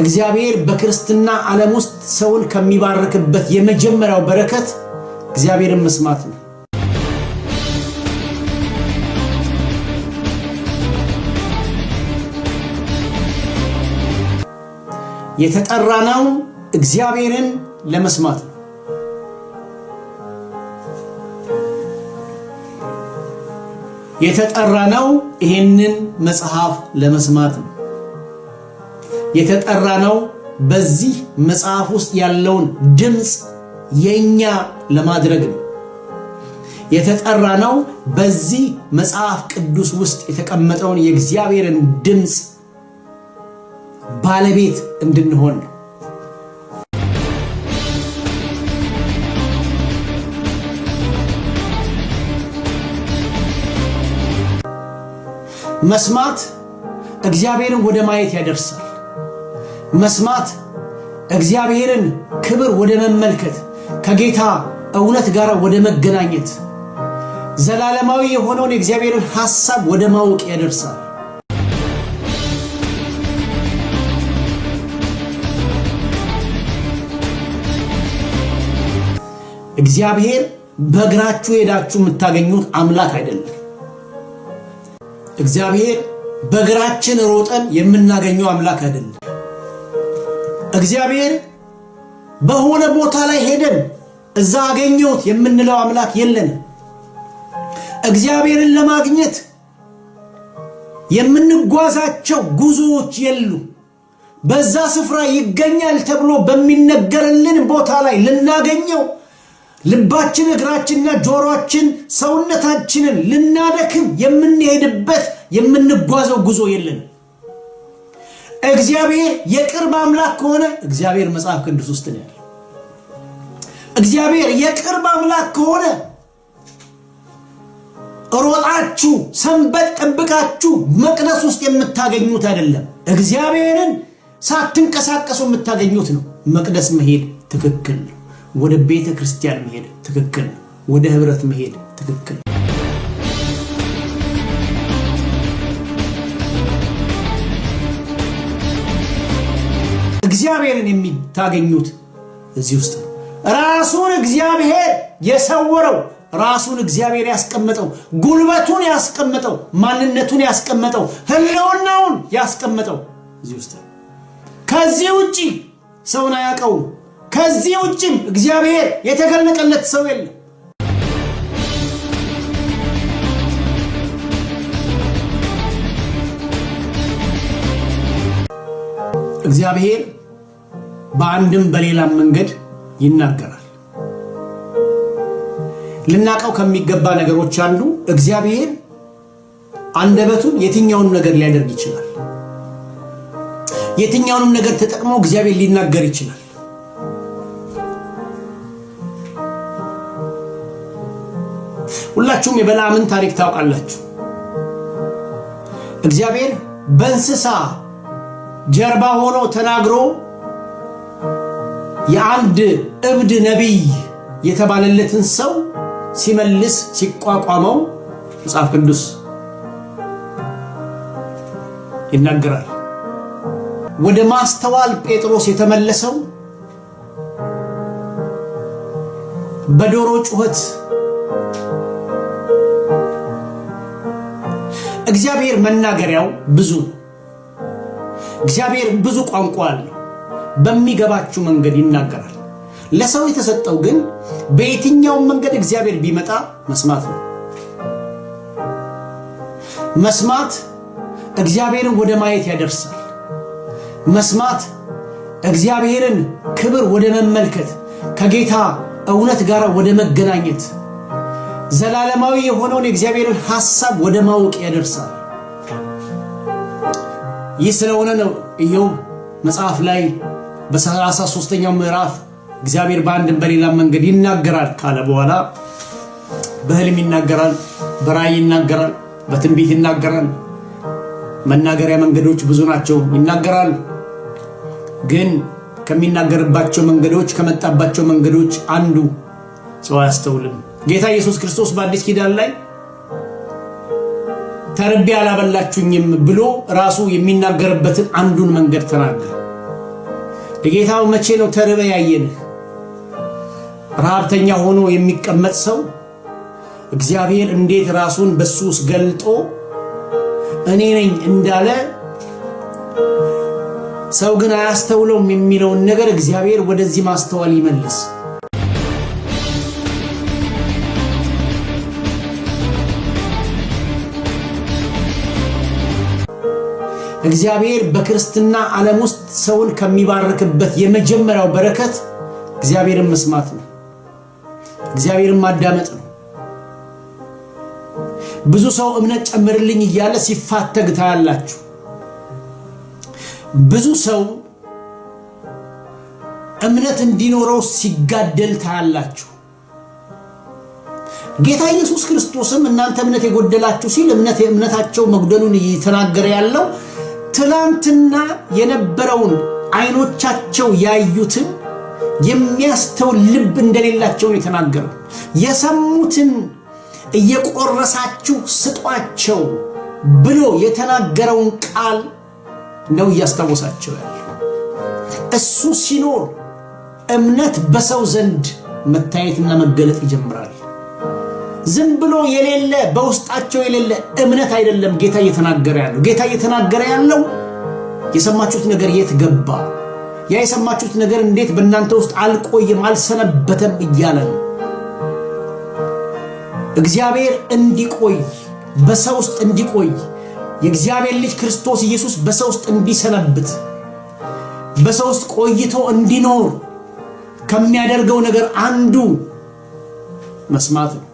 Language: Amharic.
እግዚአብሔር በክርስትና ዓለም ውስጥ ሰውን ከሚባርክበት የመጀመሪያው በረከት እግዚአብሔርን መስማት ነው። የተጠራነው እግዚአብሔርን ለመስማት ነው። የተጠራነው ይሄንን መጽሐፍ ለመስማት ነው። የተጠራ ነው። በዚህ መጽሐፍ ውስጥ ያለውን ድምፅ የኛ ለማድረግ ነው የተጠራ ነው። በዚህ መጽሐፍ ቅዱስ ውስጥ የተቀመጠውን የእግዚአብሔርን ድምፅ ባለቤት እንድንሆን ነው። መስማት እግዚአብሔርን ወደ ማየት ያደርሳል። መስማት እግዚአብሔርን ክብር ወደ መመልከት ከጌታ እውነት ጋር ወደ መገናኘት ዘላለማዊ የሆነውን የእግዚአብሔርን ሐሳብ ወደ ማወቅ ያደርሳል። እግዚአብሔር በእግራችሁ ሄዳችሁ የምታገኙት አምላክ አይደለም። እግዚአብሔር በእግራችን ሮጠን የምናገኘው አምላክ አይደለም። እግዚአብሔር በሆነ ቦታ ላይ ሄደን እዛ አገኘሁት የምንለው አምላክ የለንም። እግዚአብሔርን ለማግኘት የምንጓዛቸው ጉዞዎች የሉ። በዛ ስፍራ ይገኛል ተብሎ በሚነገርልን ቦታ ላይ ልናገኘው ልባችን፣ እግራችንና ጆሮአችን ሰውነታችንን ልናደክም የምንሄድበት የምንጓዘው ጉዞ የለን። እግዚአብሔር የቅርብ አምላክ ከሆነ እግዚአብሔር መጽሐፍ ቅዱስ ውስጥ ነው ያለው። እግዚአብሔር የቅርብ አምላክ ከሆነ ሮጣችሁ ሰንበት ጠብቃችሁ መቅደስ ውስጥ የምታገኙት አይደለም። እግዚአብሔርን ሳትንቀሳቀሱ የምታገኙት ነው። መቅደስ መሄድ ትክክል ነው። ወደ ቤተ ክርስቲያን መሄድ ትክክል ነው። ወደ ህብረት መሄድ ትክክል ነው። እግዚአብሔርን የሚታገኙት እዚህ ውስጥ ነው። ራሱን እግዚአብሔር የሰወረው ራሱን እግዚአብሔር ያስቀመጠው ጉልበቱን ያስቀመጠው ማንነቱን ያስቀመጠው ህልውናውን ያስቀመጠው እዚህ ውስጥ ነው። ከዚህ ውጪ ሰውን አያውቀውም። ከዚህ ውጭም እግዚአብሔር የተገለጠለት ሰው የለም። እግዚአብሔር በአንድም በሌላም መንገድ ይናገራል። ልናቀው ከሚገባ ነገሮች አንዱ እግዚአብሔር አንደበቱን የትኛውንም ነገር ሊያደርግ ይችላል። የትኛውንም ነገር ተጠቅሞ እግዚአብሔር ሊናገር ይችላል። ሁላችሁም የበለዓምን ታሪክ ታውቃላችሁ። እግዚአብሔር በእንስሳ ጀርባ ሆኖ ተናግሮ የአንድ እብድ ነቢይ የተባለለትን ሰው ሲመልስ ሲቋቋመው መጽሐፍ ቅዱስ ይናገራል። ወደ ማስተዋል ጴጥሮስ የተመለሰው በዶሮ ጩኸት እግዚአብሔር መናገሪያው ብዙ እግዚአብሔር ብዙ ቋንቋ አለው። በሚገባችሁ መንገድ ይናገራል። ለሰው የተሰጠው ግን በየትኛውም መንገድ እግዚአብሔር ቢመጣ መስማት ነው። መስማት እግዚአብሔርን ወደ ማየት ያደርሳል። መስማት እግዚአብሔርን ክብር ወደ መመልከት፣ ከጌታ እውነት ጋር ወደ መገናኘት፣ ዘላለማዊ የሆነውን የእግዚአብሔርን ሐሳብ ወደ ማወቅ ያደርሳል። ይህ ስለሆነ ነው ኢዮብ መጽሐፍ ላይ በሰላሳ ሦስተኛው ምዕራፍ እግዚአብሔር በአንድም በሌላ መንገድ ይናገራል ካለ በኋላ በህልም ይናገራል፣ በራእይ ይናገራል፣ በትንቢት ይናገራል። መናገሪያ መንገዶች ብዙ ናቸው። ይናገራል ግን ከሚናገርባቸው መንገዶች ከመጣባቸው መንገዶች አንዱ ሰው አያስተውልም። ጌታ ኢየሱስ ክርስቶስ በአዲስ ኪዳን ላይ ተርቤ አላበላችሁኝም ብሎ ራሱ የሚናገርበትን አንዱን መንገድ ተናገረ። በጌታው መቼ ነው ተርበ ያየንህ? ረሃብተኛ ሆኖ የሚቀመጥ ሰው እግዚአብሔር እንዴት ራሱን በሱ ውስጥ ገልጦ እኔ ነኝ እንዳለ ሰው ግን አያስተውለውም የሚለውን ነገር እግዚአብሔር ወደዚህ ማስተዋል ይመልስ። እግዚአብሔር በክርስትና ዓለም ውስጥ ሰውን ከሚባርክበት የመጀመሪያው በረከት እግዚአብሔርን መስማት ነው። እግዚአብሔርን ማዳመጥ ነው። ብዙ ሰው እምነት ጨምርልኝ እያለ ሲፋተግ ታያላችሁ። ብዙ ሰው እምነት እንዲኖረው ሲጋደል ታያላችሁ። ጌታ ኢየሱስ ክርስቶስም እናንተ እምነት የጎደላችሁ ሲል እምነት የእምነታቸው መጉደሉን እየተናገረ ያለው ትላንትና የነበረውን አይኖቻቸው ያዩትን የሚያስተውል ልብ እንደሌላቸው ነው የሰሙትን እየቆረሳችሁ ስጧቸው ብሎ የተናገረውን ቃል ነው እያስታወሳቸው ያለ። እሱ ሲኖር እምነት በሰው ዘንድ መታየትና መገለጥ ይጀምራል። ዝም ብሎ የሌለ በውስጣቸው የሌለ እምነት አይደለም ጌታ እየተናገረ ያለው። ጌታ እየተናገረ ያለው የሰማችሁት ነገር የት ገባ፣ ያ የሰማችሁት ነገር እንዴት በእናንተ ውስጥ አልቆየም፣ አልሰነበተም እያለ ነው። እግዚአብሔር እንዲቆይ በሰው ውስጥ እንዲቆይ የእግዚአብሔር ልጅ ክርስቶስ ኢየሱስ በሰው ውስጥ እንዲሰነብት በሰው ውስጥ ቆይቶ እንዲኖር ከሚያደርገው ነገር አንዱ መስማት ነው።